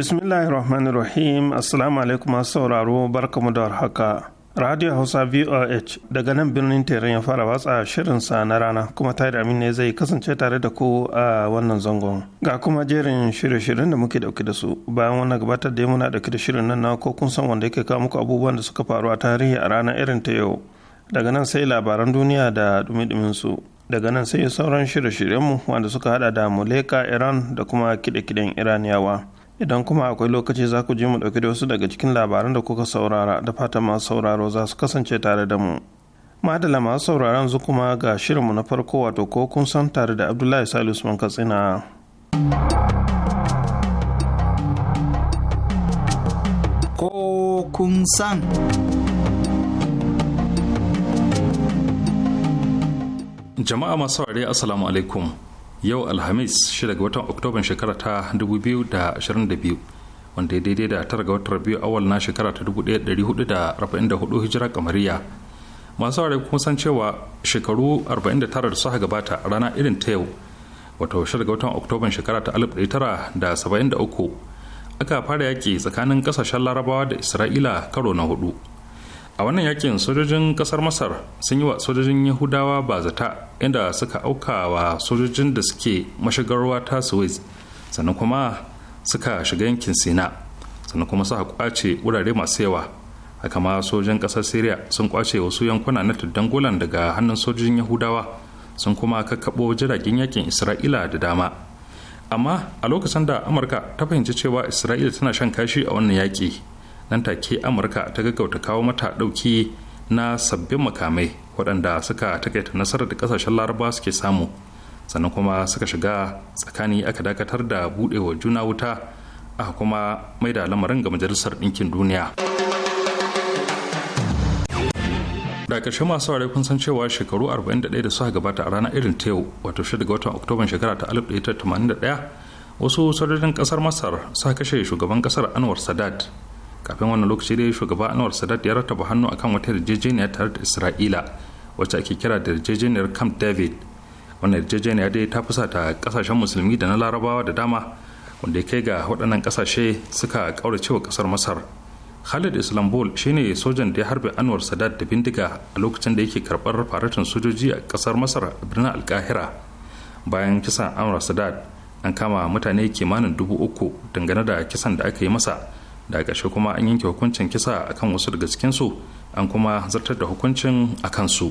Bismillahirrahmanirrahim Assalamu alaikum sauraro barkamu da haka. Radio Hausa VOH daga nan birnin Teran ya fara watsa shirinsa na rana kuma tare da ne zai kasance tare da ku a wannan zangon. Ga kuma jerin shirye-shiryen da muke dauke da su bayan wannan gabatar da muna dauke da shirin nan na ko kun san wanda yake kawo muku abubuwan da suka faru a tarihi a ranar irin ta yau. Daga nan sai labaran duniya da dumi-dumin su. Daga nan sai sauran shirye-shiryenmu wanda suka hada da Muleka Iran da kuma kide-kiden Iraniyawa. idan kuma akwai lokaci za ku je mu ɗauki da wasu daga cikin labaran da kuka saurara da fata masu sauraro za su kasance tare da mu madala masu sauraron zu kuma ga shirinmu na farko wato ko kun san tare da abdullahi salisu usman katsina ko kun san jama'a masu saurari assalamu alaikum yau alhamis 6 ga watan oktoban shekara ta 2022 wanda ya daidai da tara ga watan rabi'u awal na shekara ta 1444 hijira kamariya masu ware kuma san cewa shekaru 49 da suka gabata rana irin ta yau wato 6 ga watan oktoban shekara ta 1973 aka fara yaƙi tsakanin ƙasashen larabawa da isra'ila karo na hudu a wannan yakin sojojin kasar masar sun yi wa sojojin yahudawa ba zata inda suka auka wa sojojin da suke mashigarwa ta suez sannan kuma suka shiga yankin sina sannan kuma suka kwace wurare masu yawa haka ma sojojin kasar syria sun kwace wasu yankuna na tuddan golan daga hannun sojojin yahudawa sun kuma kakkaɓo jiragen yakin isra'ila da dama amma a lokacin da amurka ta fahimci cewa isra'ila tana shan kashi a wannan yaƙi nan take amurka ta gaggauta kawo mata dauki na sabbin makamai waɗanda suka takaita nasarar da ƙasashen laraba suke samu sannan kuma suka shiga tsakani aka dakatar da buɗewa juna wuta aka kuma mai da lamarin ga majalisar ɗinkin duniya da ƙarshe masu ware kun san cewa shekaru 41 da suka gabata a rana irin ta yau wato shi daga watan oktoban shekara ta 1981 wasu sojojin ƙasar masar suka kashe shugaban ƙasar anwar sadat kafin wannan lokaci dai shugaba anwar sadat ya rattaba hannu akan wata yarjejeniya tare da isra'ila wacce ake kira da yarjejeniyar camp david wannan yarjejeniya dai ta fusata kasashen musulmi da na larabawa da dama wanda ya kai ga waɗannan kasashe suka kaurace wa ƙasar masar khalid islambol shine sojan da ya harbe anwar sadat da bindiga a lokacin da yake karɓar faratin sojoji a kasar masar a birnin alkahira bayan kisan anwar sadat an kama mutane kimanin dubu uku dangane da kisan da aka yi masa da ƙarshe kuma an yanke hukuncin kisa akan wasu daga cikinsu an kuma zartar da hukuncin a su.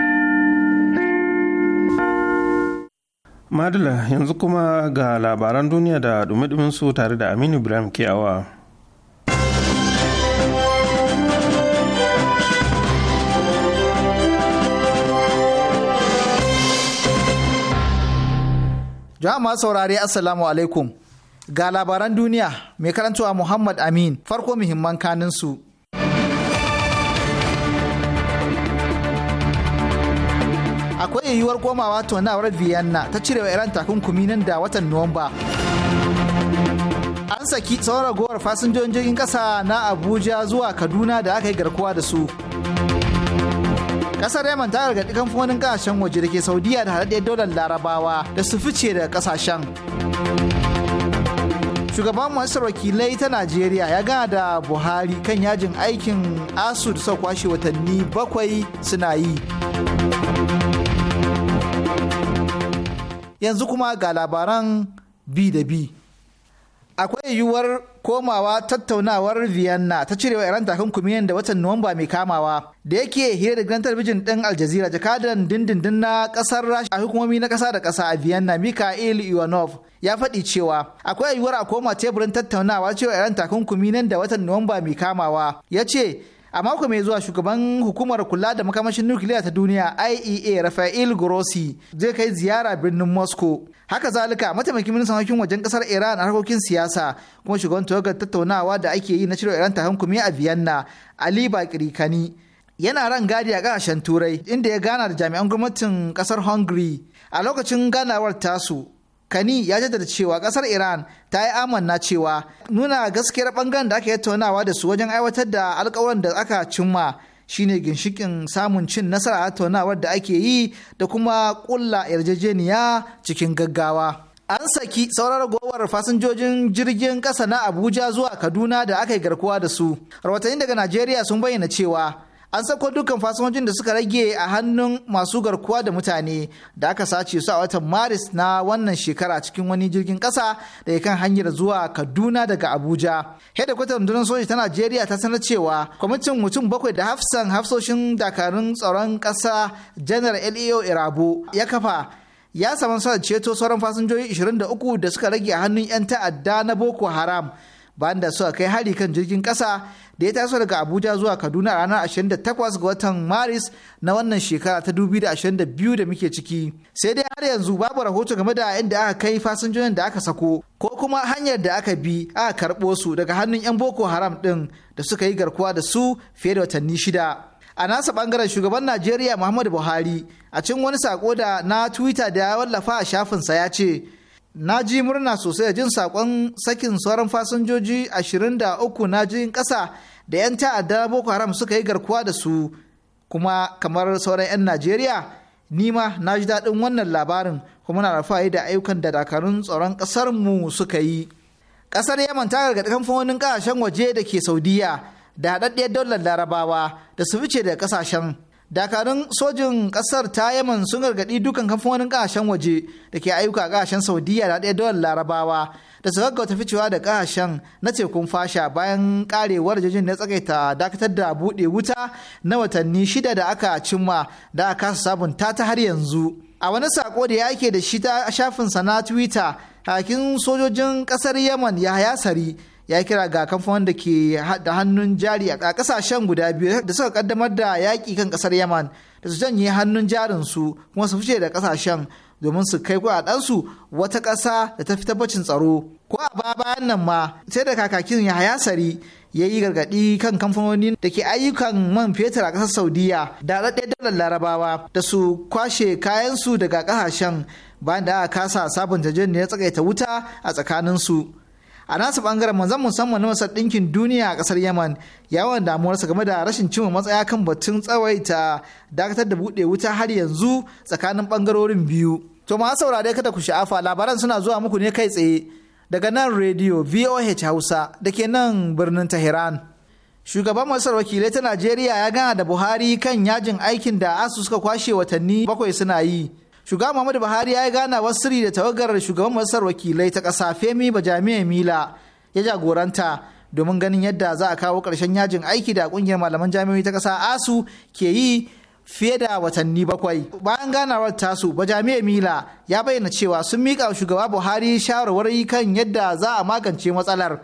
madala yanzu kuma ga labaran duniya da dumi su tare da aminu ibrahim ke kiyawa jama'a saurare assalamu alaikum ga labaran duniya mai karantowa muhammad amin farko muhimman kaninsu akwai yiwuwar komawa tunawar vienna ta cirewa iran takunkumi nan da watan nuwamba an saki tsawon ragowar fasinjojin kasa na abuja zuwa kaduna da aka yi garkuwa da su kasar yaman ta gargaɗi kamfanonin kasashen waje da ke saudiya da haɗaɗɗiyar daular larabawa da su fice daga kasashen shugaban masar wakilai ta najeriya ya gana da buhari kan yajin aikin asu da sau kwashe watanni bakwai suna yi yanzu kuma ga labaran bi da bi akwai yiwuwar komawa tattaunawar vienna ta cirewa iran takunkumi yadda watan nuwamba mai kamawa da yake hira da gidan talabijin din aljazira jakadan dindindin na kasar rasha a hukumomi na kasa da kasa a vienna mikhail ivanov ya faɗi cewa akwai yiwuwar a koma teburin tattaunawa cewa iran takunkumi nan da watan nuwamba mai kamawa ya ce a mako mai zuwa shugaban hukumar kula da makamashin nukiliya ta duniya IEA Rafael Grossi zai kai ziyara birnin Moscow. Haka zalika mataimakin ministan harkokin wajen kasar Iran a harkokin siyasa kuma shugaban tawagar tattaunawa da ake yi na cire Iran ta hankumi a Vienna Ali bakir Kani. Yana ran gadi a kasashen Turai inda ya gana da jami'an gwamnatin kasar Hungary a lokacin ganawar tasu Kani ya jaddada cewa kasar Iran ta yi amanna cewa nuna gaskiyar bangaren da aka yi taunawa da su wajen aiwatar da alkawuran da aka cimma shine ginshikin samun cin nasara a taunawar da ake yi da kuma kulla yarjejeniya cikin gaggawa. An saki saurar gowar fasinjojin jirgin ƙasa na Abuja zuwa Kaduna da aka yi garkuwa da su. Rahotanni daga Najeriya sun bayyana cewa an sako dukkan fasinjojin da suka rage a hannun masu garkuwa da mutane da aka sace su a watan maris na wannan shekara cikin wani jirgin kasa da kan hanyar zuwa kaduna daga abuja kwatar rundunar soji ta najeriya ta sanar cewa kwamitin mutum bakwai da hafsan hafsoshin dakarun tsaron kasa janar leo irabu ya kafa ya samu sa ceto sauran fasinjoji 23 da suka rage a hannun 'yan ta'adda na boko haram bayan da suka kai hari kan jirgin kasa da ya taso daga Abuja zuwa Kaduna ranar 28 ga watan Maris na wannan shekara ta 2022 da muke ciki. Sai dai har yanzu babu rahoto game da inda aka kai fasinjojin da aka sako ko kuma hanyar da aka bi aka karɓo su daga hannun 'yan Boko Haram ɗin da suka yi garkuwa da su fiye da watanni shida. A nasa bangaren shugaban Najeriya Muhammadu Buhari a cikin wani sako da na Twitter da ya wallafa a shafinsa ya ce na ji murna sosai a jin sakon sakin sauran fasinjoji 23 na jin ƙasa da 'yan ta'adda boko haram suka yi garkuwa da su kuma kamar sauran 'yan najeriya ni ma na ji daɗin wannan labarin kuma na alfahari da ayyukan da dakarun tsaron ƙasarmu suka yi ƙasar yaman ta gargaɗi kamfanonin ƙasashen waje da ke saudiya da haɗaɗɗiyar dollar larabawa da su fice daga ƙasashen dakarun sojin kasar ta yaman sun gargaɗi dukan kamfanonin kasashen waje da ke ayyuka kasashen saudiya da ɗaya dawar larabawa da su gaggauta ficewa da kasashen na tekun fasha bayan karewar jirgin na tsakaita dakatar da buɗe wuta na watanni shida da aka cimma da aka kasa sabunta ta har yanzu a wani sako da yake da shi ta shafin na twitter hakin sojojin kasar yaman yahaya sari ya kira ga kamfanin da ke da hannun jari a kasashen guda biyu da suka kaddamar da yaƙi kan ƙasar yaman da su janye hannun jarin su kuma su fice da kasashen domin su kai ɗansu wata ƙasa da ta fi tabbacin tsaro ko a ba bayan nan ma sai da kakakin ya hayasari ya yi gargaɗi kan kamfanoni da ke ayyukan man fetur a ƙasar saudiya da ɗaɗɗe dalar larabawa da su kwashe kayansu daga ƙasashen bayan da aka kasa sabunta jin ya tsakaita wuta a tsakaninsu a nasu bangaren manzan musamman na masar ɗinkin duniya a ƙasar yaman yawan damuwarsa game da rashin cimma matsaya kan batun tsawaita dakatar da buɗe wuta har yanzu tsakanin ɓangarorin biyu to ma saurare kada ku sha'afa labaran suna zuwa muku ne kai tsaye daga nan rediyo voh hausa da ke nan birnin tehran shugaban masar wakilai ta najeriya ya gana da buhari kan yajin aikin da asu suka kwashe watanni bakwai suna yi shugaba muhammadu buhari ya yi gana wasiri da tawagar shugaban masar wakilai ta ƙasa femi Ba bajamiya mila ya jagoranta domin ganin yadda za a kawo ƙarshen yajin aiki da ƙungiyar malaman jami'ai ta ƙasa asu ke yi fiye da watanni bakwai bayan ganawar tasu bajami'a mila ya bayyana cewa sun miƙa wa shugaba buhari shawarwari kan yadda za a magance matsalar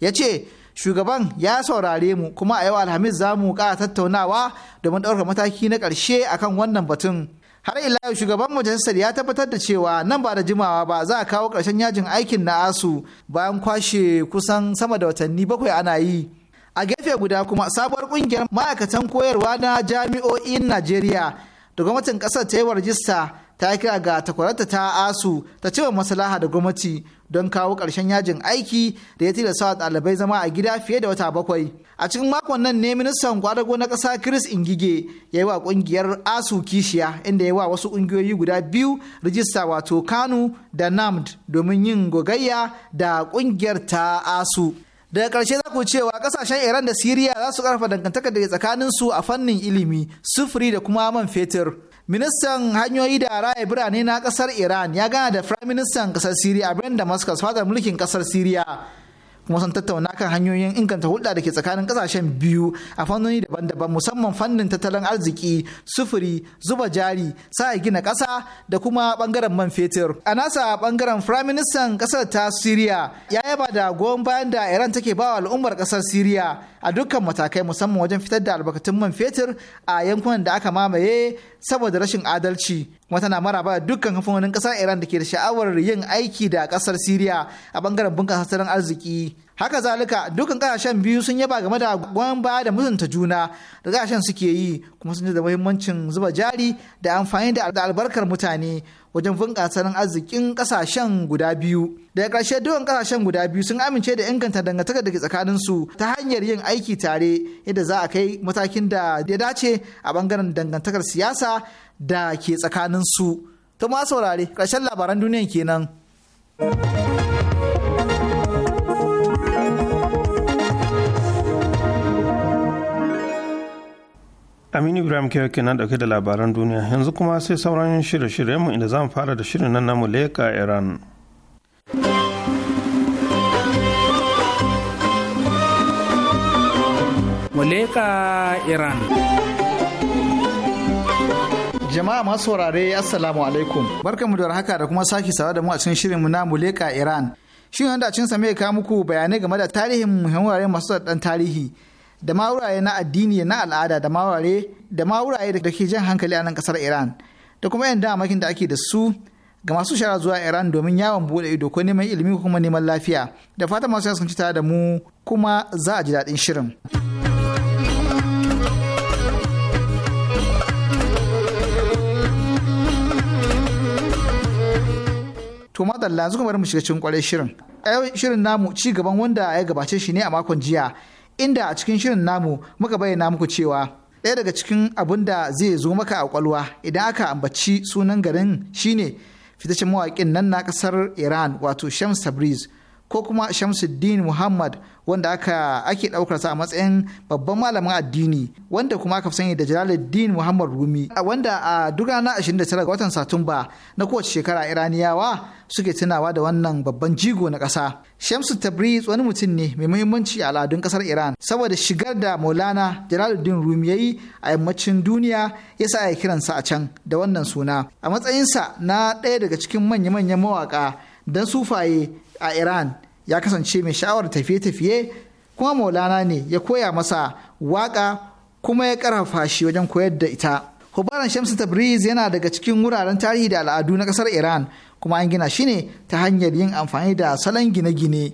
ya ce shugaban ya saurare mu kuma a yau alhamis za mu ƙara tattaunawa domin ɗaukar mataki na ƙarshe akan wannan batun har ila yau shugaban majalisar ya tabbatar da cewa nan ba da jimawa ba za a kawo ƙarshen yajin aikin na asu bayan kwashe kusan sama da watanni bakwai ana yi a gefe guda kuma sabuwar kungiyar ma'aikatan koyarwa na jami'o'in najeriya da gwamnatin ƙasar ta yi rajista ta kira ga takwarata ta asu ta cewa maslaha da gwamnati don kawo ƙarshen yajin aiki da ya tilasta ɗalibai zama a gida fiye da wata bakwai. A cikin makon nan ne ministan kwadago na ƙasa Chris Ingige ya yi wa ƙungiyar ASU kishiya inda ya wa wasu ƙungiyoyi guda biyu rijista wato Kano da NAMD domin yin gogayya da ƙungiyar ta ASU. daga ƙarshe za ku cewa ƙasashen iran da siriya za su ƙarfafa dangantaka da tsakaninsu a fannin ilimi sufuri da kuma man fetur ministan hanyoyi da raya birane na kasar iran ya gana da firayim ministan kasar siriya a birnin damascus fadar mulkin kasar siriya kuma sun tattauna kan hanyoyin inganta hulɗa da ke tsakanin kasashen biyu a fannoni daban-daban musamman fannin tattalin arziki sufuri zuba jari sa gina ƙasa da kuma ɓangaren man fetur a nasa ɓangaren firayim ƙasar ta siriya ya yaba da goyon bayan da iran take bawa al'ummar ƙasar siriya a dukkan matakai musamman wajen fitar da albarkatun man fetur a yankunan da aka mamaye saboda rashin adalci wata na maraba da dukkan kamfanonin ƙasar iran da ke da sha'awar yin aiki da ƙasar siriya a bangaren bunƙasa tattalin arziki haka zalika dukkan kasashen biyu sun yaba game da goyon baya da mutunta juna da kasashen suke yi kuma sun ji da muhimmancin zuba jari da amfani da albarkar mutane wajen bunƙasa arzikin ƙasashen guda biyu. Daga ƙarshe duwan ƙasashen guda biyu sun amince da inganta dangantakar da ke tsakanin su ta hanyar yin aiki tare yadda za a kai matakin da ya dace a ɓangaren dangantakar siyasa da ke tsakanin su. Ta ma saurare ƙarshen labaran duniya kenan. Aminu Ibrahim ke kenan dauke da labaran duniya yanzu kuma sai sauran shirye-shiryenmu inda zamu fara da shirin nan namu leka Iran. Muleka Iran. Jama'a masu saurare Assalamu alaikum. Barkanmu da haka da kuma sake sawa da mu a cikin shirinmu na Muleka Iran. Shin wanda cin same ka muku bayanai game da tarihin muhimman wurare masu dan tarihi. da ma wurare na addini na al'ada da ma wurare da ma wurare da ke jan hankali a nan kasar Iran da kuma yan damakin da ake da su ga masu shara zuwa Iran domin yawon bude ido ko neman ilimi ko kuma neman lafiya da fatan masu yasan da mu kuma za a ji daɗin shirin. To madalla yanzu kuma mu shiga cikin kwarai shirin. A yau shirin namu ci gaban wanda ya gabace shi ne a makon jiya inda a cikin shirin namu muka bayyana muku cewa ɗaya daga cikin abin da zai zo maka a kwalwa idan aka ambaci sunan garin shine fitaccen mawaƙin nan na ƙasar iran wato shams tabriz ko kuma Shamsuddin Muhammad wanda aka ake daukar a matsayin babban malamin addini wanda kuma aka sani da Jalaluddin Muhammad Rumi wanda a duk ranar 29 ga watan Satumba na kowace shekara Iraniyawa suke tunawa da wannan babban jigo na ƙasa. Shamsu Tabriz wani mutum ne mai muhimmanci a al'adun ƙasar Iran saboda shigar da Maulana Jalaluddin Rumi yayi a yammacin duniya ya sa ya kiransa a can da wannan suna. A matsayinsa na ɗaya daga cikin manya-manyan mawaƙa dan sufaye a iran ya kasance mai sha'awar tafiye-tafiye kuma maulana ne ya koya masa waƙa kuma ya ƙarfafa shi wajen koyar da ita hubaran shamsu tabriz yana daga cikin wuraren tarihi da al'adu na ƙasar iran kuma an gina shi ne ta hanyar yin amfani da salon gine-gine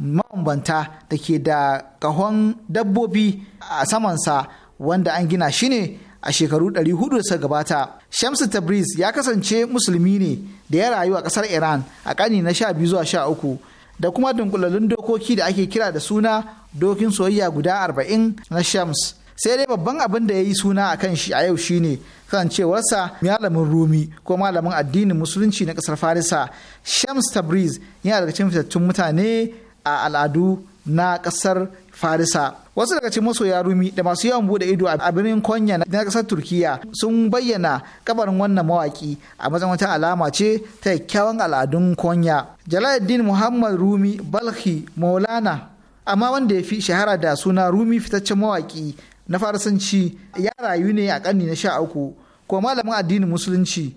mabambanta da ke da ƙahon dabbobi a samansa wanda an gina shi ne a shekaru 400 da suka gabata. Shamsu Tabriz ya kasance musulmi ne da ya rayu a ƙasar Iran a kani na 12 zuwa 13 da kuma dunkulalin dokoki da ake kira da suna dokin soyayya guda 40 na Shams. Sai dai babban abin da ya yi suna a kan shi a yau shine kasancewarsa malamin Rumi ko malamin addinin musulunci na ƙasar Farisa. Shams Tabriz yana daga cikin fitattun mutane a al'adu na ƙasar Farisa. wasu daga cikin masoya rumi da masu yawan bude ido a birnin konya na kasar turkiya sun bayyana kabarin wannan mawaki a matsayin wata alama ce ta kyakkyawan al'adun konya jalaluddin muhammad rumi balhi maulana amma wanda ya fi shahara da suna rumi fitaccen mawaki na farsanci ya rayu ne a ƙarni na sha uku ko malamin addinin musulunci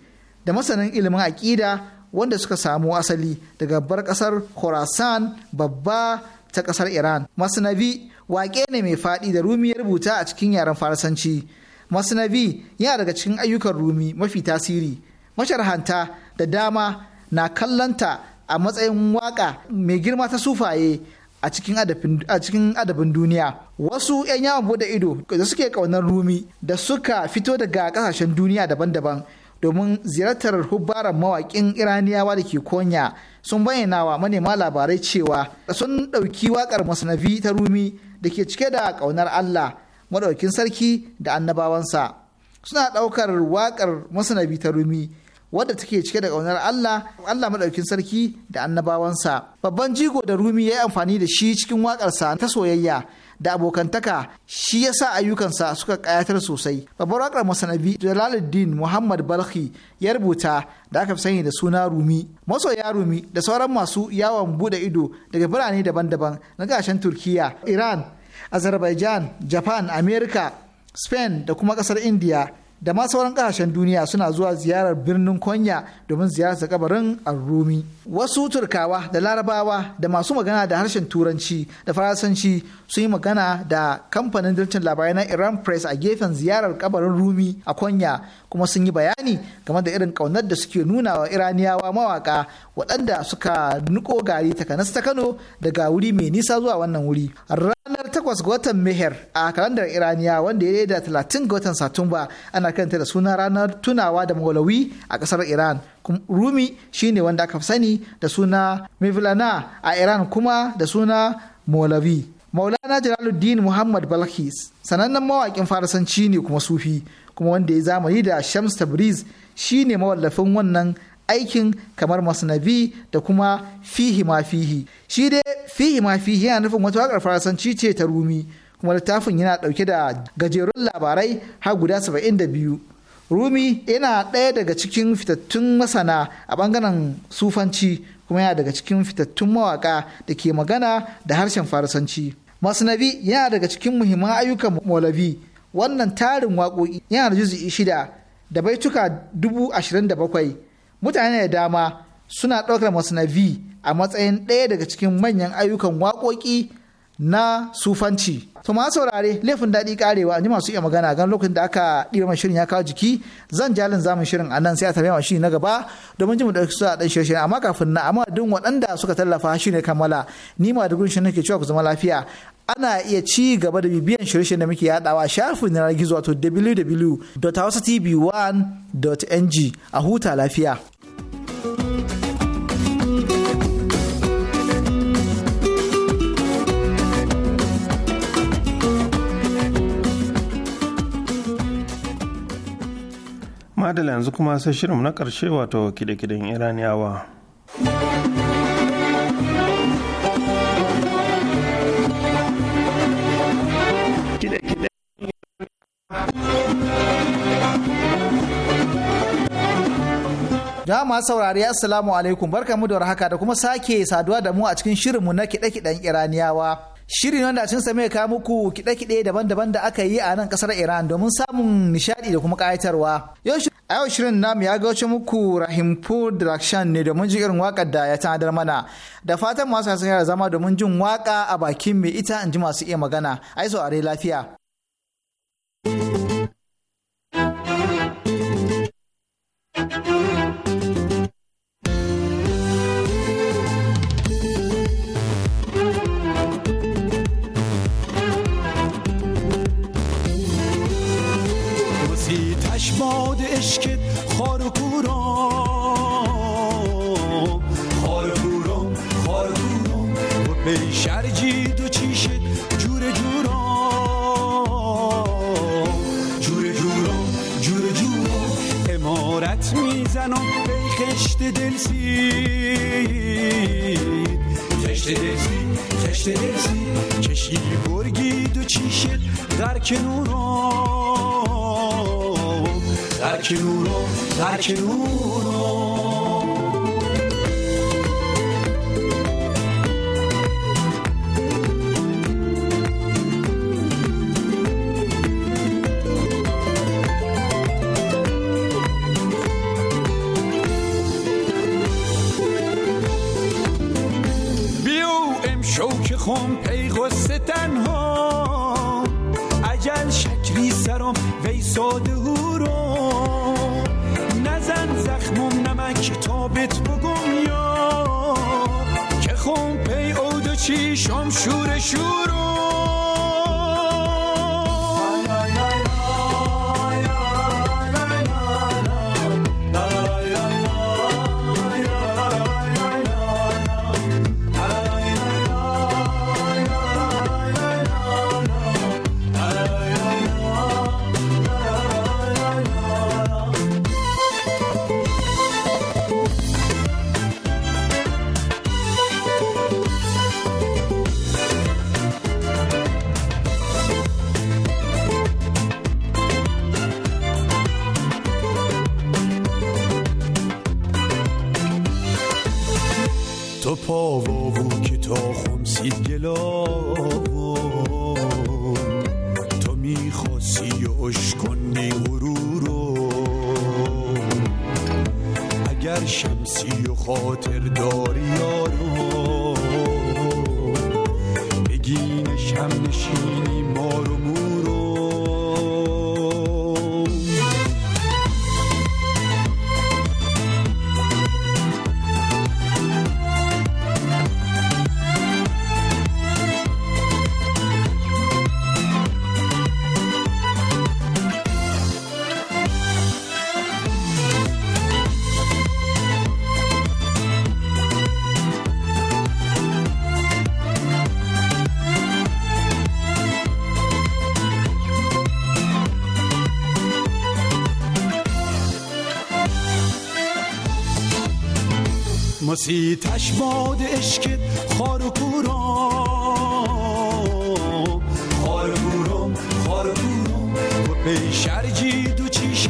da masanin ilimin aƙida wanda suka samu asali daga bar ƙasar khorasan babba ta ƙasar Iran. Masnavi waƙe ne mai faɗi da Rumi ya rubuta a cikin yaren faransanci Masnavi yana daga cikin ayyukan Rumi mafi tasiri. Masharhanta da dama na kallanta a matsayin waƙa mai girma ta sufaye a cikin adabin duniya wasu 'yan yawon bude ido da suke kaunar rumi da suka fito daga ƙasashen duniya daban-daban domin ziyartar hubbaran mawaƙin iraniyawa da ke konya sun bayyana wa manema labarai cewa sun ɗauki waƙar masnavi ta rumi da ke cike da ƙaunar Allah maɗaukin sarki da annabawansa suna ɗaukar waƙar masnavi ta rumi wadda take cike da ƙaunar Allah Allah maɗaukin sarki da annabawansa babban jigo da rumi ya yi amfani da shi cikin waƙarsa ta soyayya da abokantaka shi ya sa ayyukansa suka kayatar sosai. Babbar wakar masanabi Jalaluddin Muhammad balkhi ya rubuta da aka fi sani da suna Rumi. Masoya Rumi da sauran masu yawon bude ido daga birane daban-daban na gashen Turkiya, Iran, Azerbaijan, Japan, Amerika, Spain da kuma kasar India da ma sauran kasashen duniya suna zuwa ziyarar birnin konya domin ziyarar kabarin arrumi wasu turkawa da larabawa da masu magana da harshen turanci da faransanci sun yi magana da kamfanin dirtin labarai na iran press a gefen ziyarar kabarin rumi a konya kuma sun yi bayani game da irin kaunar da suke nuna wa iraniyawa mawaka waɗanda suka niko gari takanas ta kano daga wuri mai nisa zuwa wannan wuri ranar 8 ga watan Meher a kalandar Iraniya wanda ya da 30 ga watan Satumba ana karanta da suna ranar tunawa da Maulawi a kasar Iran. Rumi shine wanda aka sani da suna Mevlana a Iran kuma da suna maulawi. Maulana Jalaluddin Muhammad Balkis sanannen mawakin farasanci ne kuma sufi kuma wanda ya zamani da Shams Tabriz shine mawallafin wannan aikin kamar masnavi da kuma fihi ma fihi shi dai fihi ma fihi yana nufin wata waƙar faransanci ce ta rumi kuma littafin yana ɗauke da gajerun labarai har guda saba'in da biyu rumi yana ɗaya daga cikin fitattun masana a ɓangaren sufanci kuma yana daga cikin fitattun mawaƙa da ke magana da harshen farasanci masnavi yana daga cikin muhimman ayyukan molavi wannan tarin waƙoƙi yana da juzu'i shida da baituka dubu ashirin da bakwai mutane da dama suna ɗaukar masnavi a matsayin ɗaya daga cikin manyan ayyukan waƙoƙi na sufanci. To ma saurare laifin daɗi karewa ji masu iya magana gan lokacin da aka ɗiba mai shirin ya kawo jiki zan jalin zamun shirin a nan sai a tafiya shi na gaba domin jin mu ɗauki su a ɗan shirye amma kafin na amma duk waɗanda suka tallafa shi ne kammala ni ma da gunshin nake cewa ku zama lafiya ana iya ci gaba da bibiyan shirye da muke yaɗawa shafin yanar gizo wato www.hausatv1.ng a huta lafiya. madala yanzu kuma sai shirinmu na ƙarshe wato kide-kiden iraniyawa Dama saurari Assalamu alaikum barkamu da warhaka da kuma sake saduwa da mu a cikin shirinmu na kiɗe-kiɗen Iraniyawa. shirin wanda a sa mai ka muku kiɗe-kiɗe daban-daban da aka yi a nan kasar Iran domin samun nishadi da kuma kayatarwa. a yau shirin nam ya gauce muku Rahimpur Drakshan ne domin jin irin wakar da ya tanadar mana. Da fatan masu sun yara zama domin jin waka a bakin mai ita in ji masu iya magana. Ai saurare lafiya. باد عشق خار و کورم خار و کورم خار و کورم و شرجی دو چیشت جور جورم جور جورم جور جورم امارت میزنم به خشت دل کشت دلسی کشت دلسی چشی برگی و چیشت در کنورم ترک بیو امشو که خم پی تنها عجل شکری سرم وی ساده رو شیشم شور شور تو پا و که تا خمسی گلا تو میخواستی و اشکنی غرور اگر شمسی و خاطر داری یارو مسیتش باد عشق خار و کورم خار کورم کورم و پیشر جید چیشت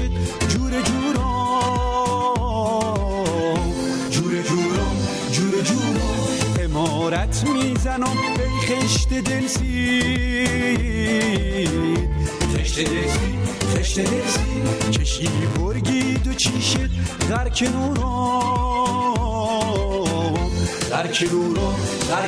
جور جورم جور جورم جور جورم امارت میزنم به خشت دلسید خشت دلسید خشت دلسید چشی برگی و چیشت در کنورم در کیورو در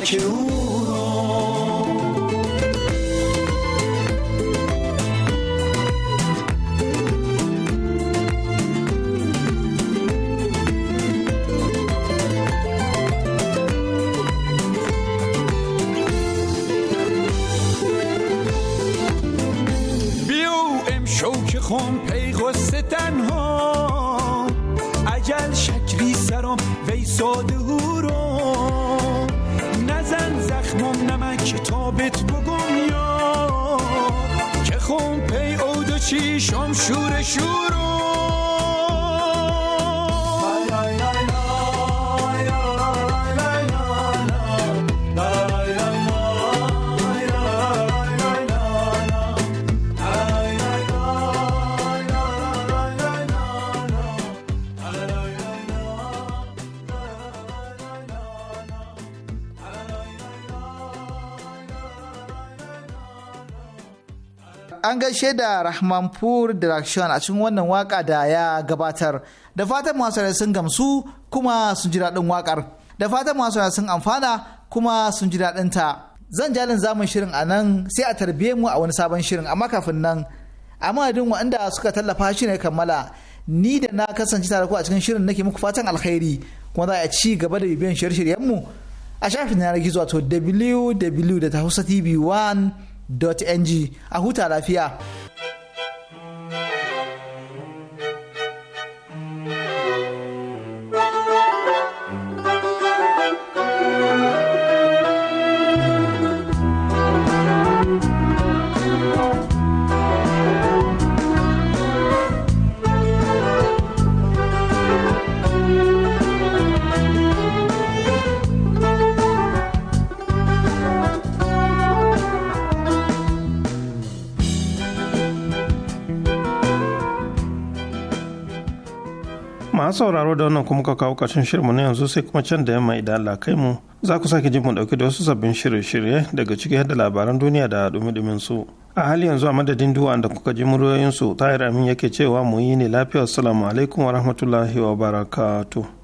که خم پی غصه تنها اجل شکری سرم وی ساده چیشم شور شورو an gaishe da rahman rahmanpur direction a cikin wannan waka da ya gabatar da fatan masu sun gamsu kuma sun ji daɗin wakar da fatan masu sun amfana kuma sun ji daɗin ta zan jalin zamun shirin a nan sai a tarbiye mu a wani sabon shirin amma kafin nan Amma madadin wanda suka tallafa shi ne kammala ni da na kasance tare ku a cikin shirin nake muku fatan alkhairi kuma za a ci gaba da bibiyan shirye-shiryenmu a shafin yanar gizo wato www.hausatv1 ng a huta lafiya. masu sauraro da wannan kuma ka kawo ƙarshen shirinmu na yanzu sai kuma can da yamma idan Allah kai mu za ku sake jin mu dauke da wasu sabbin shirye-shirye daga ciki da labaran duniya da dumi-dumin su a hali yanzu a madadin duwa da kuka ji muryoyin su tahir amin yake cewa mu yi ne lafiya assalamu alaikum wa rahmatullahi wa barakatuh